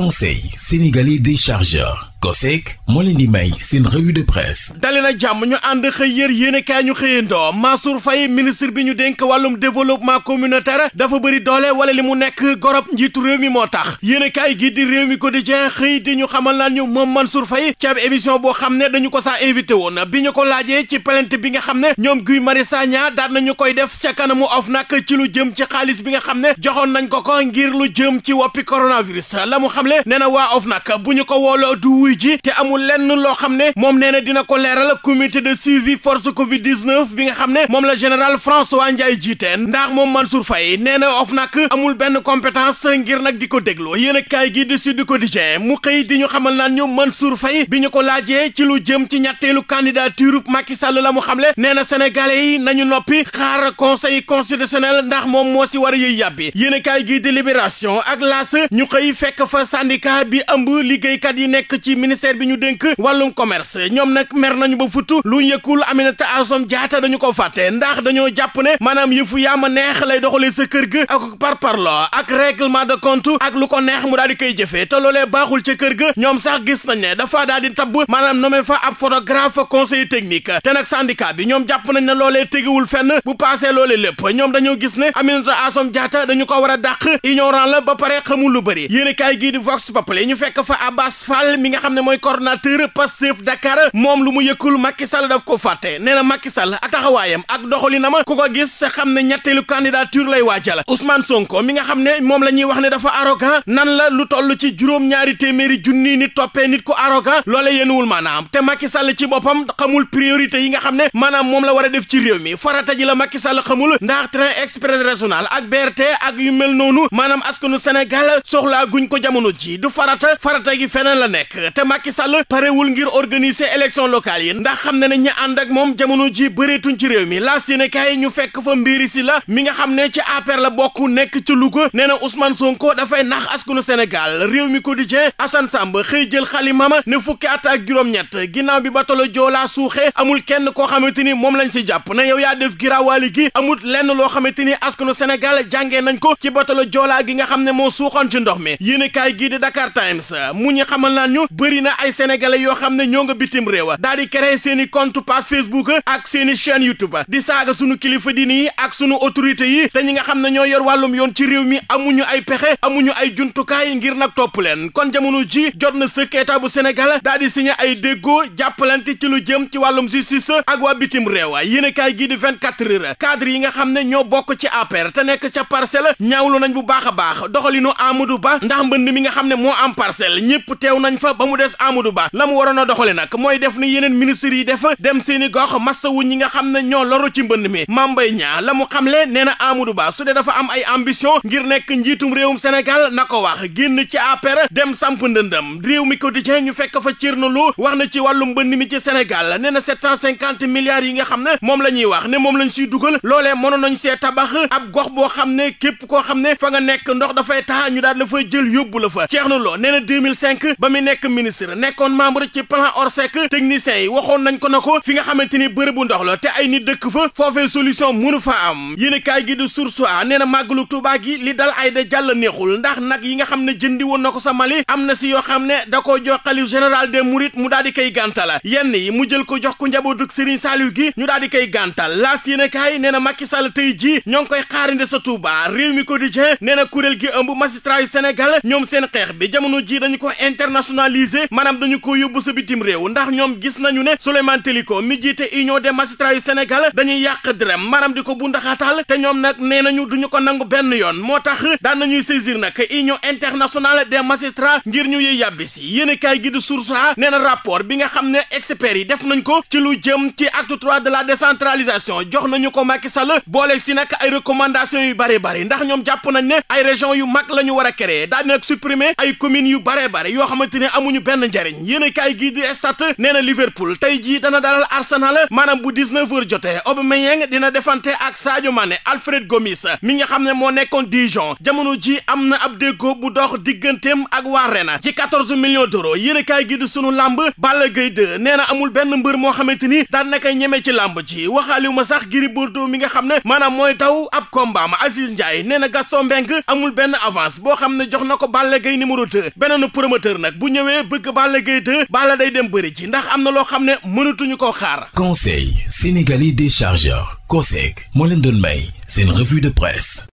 conseil sénégalais des chargeurs COSEC moo leen di may seen revue de presse dali na jàmm ñu ànd xëy yër yéenekaay ñu xëyandoo Mansour Faye ministre bi ñu dénk wàllum développement communautaire dafa bëri doole wala li mu nekk gorob njiitu réew mi moo tax yéenekaay gi di réew mi quotidien xëy di ñu xamal naan ñu moom Mansour Faye ci ab boo xam ne dañu ko sa invité woon bi ñu ko laajee ci plainte bi nga xam ne ñoom Guy Marius Sagna daan nañu koy def ca kanamu OFNAC ci lu jëm ci xaalis bi nga xam ne joxoon nañ ko ko ngir xamle nee na waa OFNAC bu ñu ko wooloo du wuy ji te amul lenn loo xam ne moom nee na dina ko leeral comité de suivi force Covid 19 bi nga xam ne moom la général François Ndiaye jiite ndax moom Mansour Faye nee na OFNAC amul benn compétence ngir nag di ko déglu yéen a kaay gi di Sud Quotidien mu xëy di ñu xamal naan ñu Mansour Faye bi ñu ko laajee ci lu jëm ci ñetteelu candidature Macky Sall la mu xamle nee na sénégalais yi nañu noppi xaar conseil constitutionnel ndax moom moo si war a yëy yàbbi di Libération syndicat bi ëmb liggéeykat yi nekk ci ministère bi ñu dénk wàllum commerce ñoom nag mer nañu ba futu lu yëkkul Aminata Assome Diatta dañu ko fàtte ndax dañoo jàpp ne maanaam yëfu yaama neex lay doxalee sa kër ga ak parparloo ak règlement de compte ak lu ko neex mu daal di koy jëfee te loolee baaxul ca kër ga ñoom sax gis nañ ne dafa daal di tabb maanaam nommé fa ab photographe conseiller technique te nag syndicat bi ñoom jàpp nañ ne loolee tegiwul fenn bu paasee loolee lépp ñoom dañoo gis ne Aminata Assome Diatta dañu ko war a dàq ignorant la ba pare xamul lu bëri Vox Populi ñu fekk fa Abbas Fall mi nga xam ne mooy coordonnateur Pastef Dakar moom lu mu yëkkul Macky Sall daf ko fàtte nee na Macky Sall ak taxawaayam ak doxalinam ku ko gis xam ne ñetteelu candidature lay waajal Ousmane Sonko mi nga xam ne moom la ñuy wax ne dafa arrogant nan la lu toll ci juróom-ñaari téeméeri junni nit toppee nit ku arrogant loole yéenuwul maanaam te Macky Sall ci boppam xamul priorité yi nga xam ne maanaam moom la war a def ci réew mi farata ji la Macky Sall xamul ndax train express régional ak BRT ak yu mel noonu maanaam askanu Sénégal soxlaa ko jamono ji du farata farata gi feneen la nekk te Macky Sall parewul ngir organiser élection locale yi ndax xam na ne ñi ànd ak moom jamono ji bëreetuñ ci réew mi laas yéene kaay ñu fekk fa mbiri si la mi nga xam ne ci APR la bokk nekk ci Louga nee na Ousmane Sonko dafay nax askanu senegal réew mi quotidien Assane Samb xëy jël xalimama ne fukki at ak juróom-ñett ginnaaw bi batalo joolaa suuxee amul kenn koo xamante ni moom lañ si jàpp na yow yaa def giraawaali gi amul lenn loo xamante ni askanu Sénégal jàngee nañ ko ci batalo joolaa gi nga xam ne moo suuxoon ci ndox mi gii di Dakar Times mu ñu xamal naan bëri na ay sénégalais yoo xam ne ñoo nga bitim réew daal di créer seen i compte page Facebook ak seen i chaîne di saaga sunu kilifa di nii ak sunu autorité yi te ñi nga xam ne ñoo yor wàllum yoon ci réew mi amuñu ay pexe amuñu ay jumtukaay ngir nag topp leen kon jamono ji jot na sëkk état bu Sénégal daal di signé ay déggoo jàppalante ci lu jëm ci wàllum justice ak waa bitim réew yéenekaay gii di 24 heures cadre yi nga xam ne ñoo bokk ci APR te nekk ca parcelle ñaawlu nañ bu baax a nga xam ne moo am parcelle ñëpp teew nañ fa ba mu des Amadou Ba la mu waroon a doxale nag mooy def ni yeneen ministres yi def dem seen i gox massawu ñi nga xam ne ñoo loru ci mbënd mi Mame Mbaye Niang la mu xamle nee na Amadou Ba su dee dafa am ay ambition ngir nekk njiitum réewum senegal na ko wax génn ci APR dem samp ndëndëm réew mi quotidien ñu fekk fa na Lo wax na ci wàllu mbënd mi ci Sénégal ne na 750 milliards yi nga xam ne moom la ñuy wax ne moom lañ siy dugal loolee mënoon nañ see tabax ab gox boo xam ne képp koo xam ne nga nekk ndox dafay taa ñu daal la fay jël yóbbu la Thierno Lo nee na 2005 ba mu nekk ministre nekkoon membre ci plan Orsec techniciens yi waxoon nañ ko na ko fi nga xamante ni bërëbu ndox la te ay nit dëkk fa foofee solution mënu fa am yéen gi di Source nee na màggalu Tuubaa gi li dal Aïda Diallo neexul ndax nag yi nga xam ne jëndi woon na ko sa Mali am na si yoo xam ne da ko jox xalif général des Mourides mu daal di koy gàntal yenn yi mu jël ko jox ko njabootug Serigne Saliou gi ñu daal di koy gàntal laas yéen kaay nee na Macky Sall tey jii ñoo ngi koy xaarinde sa Tuubaa réew mi quotidien nee na kuréel gi ëmb magistrat yu Sénégal ñoom seen xeex bi jamono jii dañu ko internationaliser maanaam dañu ko yóbbu sa bitim réew ndax ñoom gis nañu ne Souleymane Téliko mi jiite union des de yu Sénégal dañu yàq dërëm maanaam di ko bundaxaatal te ñoom nag nee nañu duñu ko nangu benn yoon moo tax daan nañuy saisir nag union internationale des magistrats ngir ñu yiy yàbbi si yéen kaay gi di source a nee na rapport bi nga xam ne experts yi def nañ ko ci lu jëm ci acte trois de la décentralisation jox nañu ko Macky Sall boole si nag ay recommandations yu bari bari ndax ñoom jàpp nañ ne ay régions yu mag la ñu war a créer supprimer ay communes yu bare bare yoo xamante ne amuñu benn njariñ yéen a kaay gii di stat nee na tey jii dana dalal Arsenal maanaam bu 19 heures jotee Aubameyang dina defante ak Sadio Mané Alfred Gomis mi nga xam ne moo nekkoon Dijon jamono ji am na ab déggoo bu dox digganteem ak waa Rennes ci 14 millions d'euros yéen a kaay gii di sunu lamb Balla Gaye 2 nee na amul benn mbër moo xamante ni daan na koy ñeme ci lamb ji waxaaliwu ma sax Gris Bordeaux mi nga xam ne maanaam mooy taw ab combat ma Aziz nee na Gaston Mbengue amul benn avance boo xam ne jox na ko Balla Gueye numéro 2 beneen promoteur nag bu ñëwee bëgg Balla Gueye 2 Balla day dem bëri ji ndax am na loo xam ne mënatuñu koo xaar. Conseil sénégalais des chargeurs COSEC moo leen doon may seen revue de presse.